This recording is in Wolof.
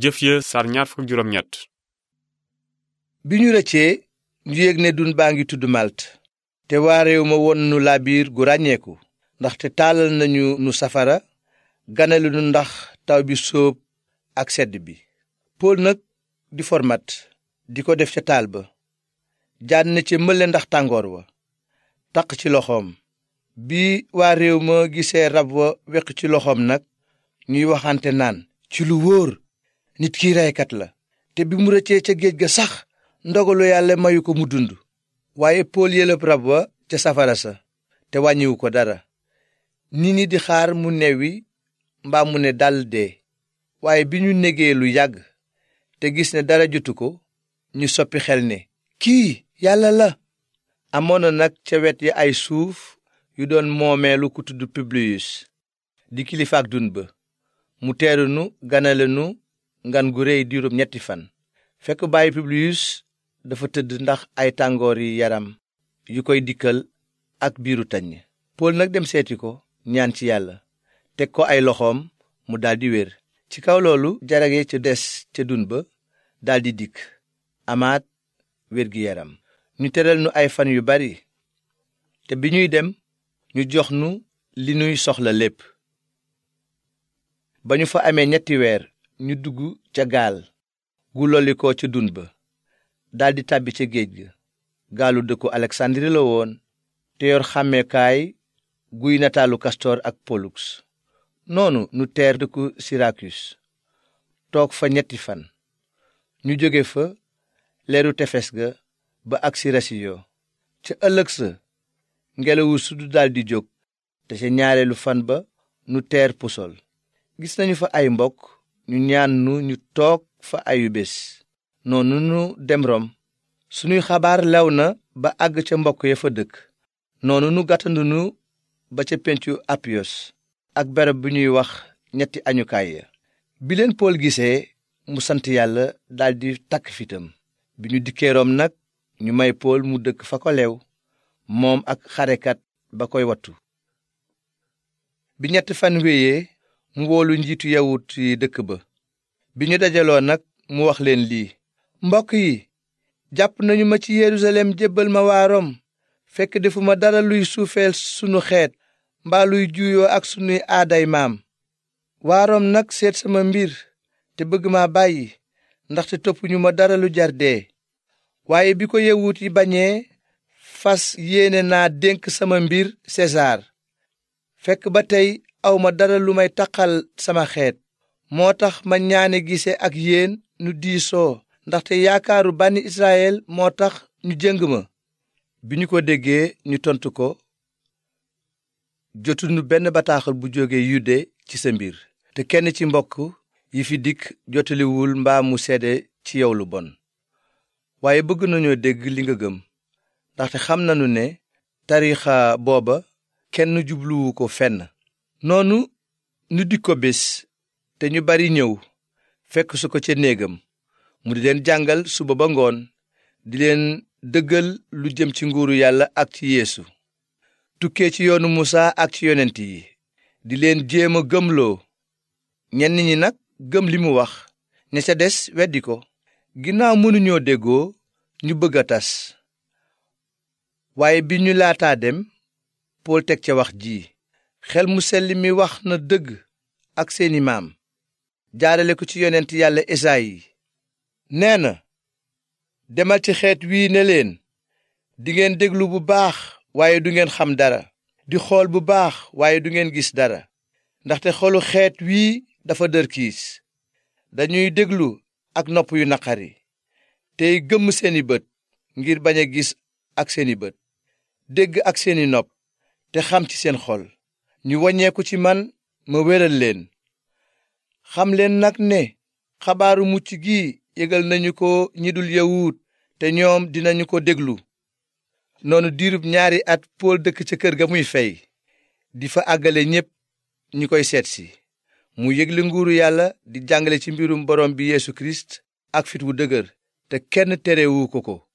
jëf ya sar ñaar bi ñu rëccee ñu yëg ne dun baa ngi tudd malt te waa réew ma won nu laabiir gu ràññeeku ndaxte taalal nañu nu safara ganale nu ndax taw bi sóob ak sedd bi pool nag di format di ko def ca taal ba jaan na ca mële ndax tàngoor wa taq ci loxoom bi waa réew ma gisee rab wa weq ci loxoom nag ñuy waxante naan ci lu wóor nit ki reykat la te bi mu rëccee ca géej ga sax ndogalu yàlla mayu ko mu dund waaye pool yëlëb rab wa ca safara sa te wàññiwu ko dara nit ñi di xaar mu newwi mbaa mu ne dal dee waaye bi ñu negee lu yàgg te gis ne dara jotu ko ñu soppi xel ne kii yàlla la amoon na nag ca wet ya ay suuf yu doon moomeelu ku tudd Publius di kilifaak dund ba mu teerunu ganalenu ngan gu rëy diirub ñetti fan fekk bàyyi Publius dafa tëdd ndax ay tàngoor yi yaram yu koy dikkal ak biiru taññ Pool nag dem seeti ko ñaan ci yàlla teg ko ay loxoom mu daldi wér ci kaw loolu jarage ca des ca dun ba daldi dikk amaat wér gi yaram ñu tëral nu ay fan yu bari te bi ñuy dem ñu jox nu li nuy soxla lépp ba ñu fa amee ñetti weer ñu dugg ca gaal gu lolli ko ca dun ba daldi tàbbi ca géej ga gaalu dëkku aleksandiri la woon te yor xàmmeekaay guy nataalu kastoor ak poluks noonu nu teer dëkku sirakus toog fa ñetti fan ñu jóge fa leeru tefes ga ba agsi rasiyo ca ëllëg sa ngelawu sudu daldi jóg te ca ñaareelu fan ba nu teer pusol gis nañu fa ay mbokk ñu ñaan nu ñu toog fa ayu bés noonu nu dem rom sunuy xabaar law na ba àgg ca mbokk ya fa dëkk noonu nu gàttandunu ba ca pencu apiyos ak berab bu ñuy wax ñetti añukaay ya bi leen pool gisee mu sant yàlla daldi takk fitam bi ñu dikkee rom nag ñu may pool mu dëkk fa ko moom ak xarekat ba koy wattu bi ñett fan wéyee mu woolu njiitu yawut yi dëkk ba bi ñu dajaloo nag mu wax leen lii mbokk yi jàpp nañu ma ci yerusalem jébbal ma waa Rom fekk defuma dara luy suufeel sunu xeet mbaa luy juuyoo ak sunuy aaday maam waa nag seet sama mbir te bëgg ma bàyyi ndaxte toppuñu ma dara lu jarde waaye bi ko yewut yi bañee fas yéene naa dénk sama mbir Sesaar fekk ba tey awma dara lu may taqal sama xeet moo tax ma ñaane gise ak yéen nu diisoo ndaxte yaakaaru bànni Israyel moo tax ñu jëng ma bi ñu ko déggee ñu tontu ko jotunu benn bataaxul bu jóge yude ci sa mbir te kenn ci mbokk yi fi dikk jotaliwul mbaam mu seede ci yow lu bon waaye bëgg nañoo dégg li nga gëm ndaxte xam nañu ne tariixa booba kenn jubluwu ko fenn noonu nu dik ko bés te ñu bari ñëw fekk su ko ca néegam mu di leen jàngal suba ba ngoon di leen dëggal lu jëm ci nguuru yàlla ak ci yeesu tukkee ci yoonu musaa ak ci yonent yi di leen jéem a gëmloo ñenn ñi nag gëm li mu wax ña ca des weddi ko ginnaaw mënuñoo déggoo ñu bëgg a tas waaye bi ñu laataa dem pool teg ca wax ji xel mu selli mi wax na dëgg ak seeni maam jaarale ko ci yonent yàlla esaayi nee na demal ci xeet wii ne leen dingeen déglu bu baax waaye du ngeen xam dara di xool bu baax waaye du ngeen gis dara ndaxte xolu xeet wii dafa dër kiis dañuy déglu ak nopp yu naqari tey gëmm seeni bët ngir bañ a gis ak seeni bët dégg ak seeni nopp te xam ci seen xol ñu waññeeku ci man ma wéral leen xam leen nag ne xabaaru mucc gi yëgal nañu ko ñi dul yawut te ñoom dinañu ko déglu noonu diirub ñaari at pool dëkk ca kër ga muy fey di fa àggale ñépp ñi koy seetsi mu yëgle nguuru yàlla di jàngale ci mbirum borom bi yéesu kirist ak fit wu dëgër te kenn terewu ko ko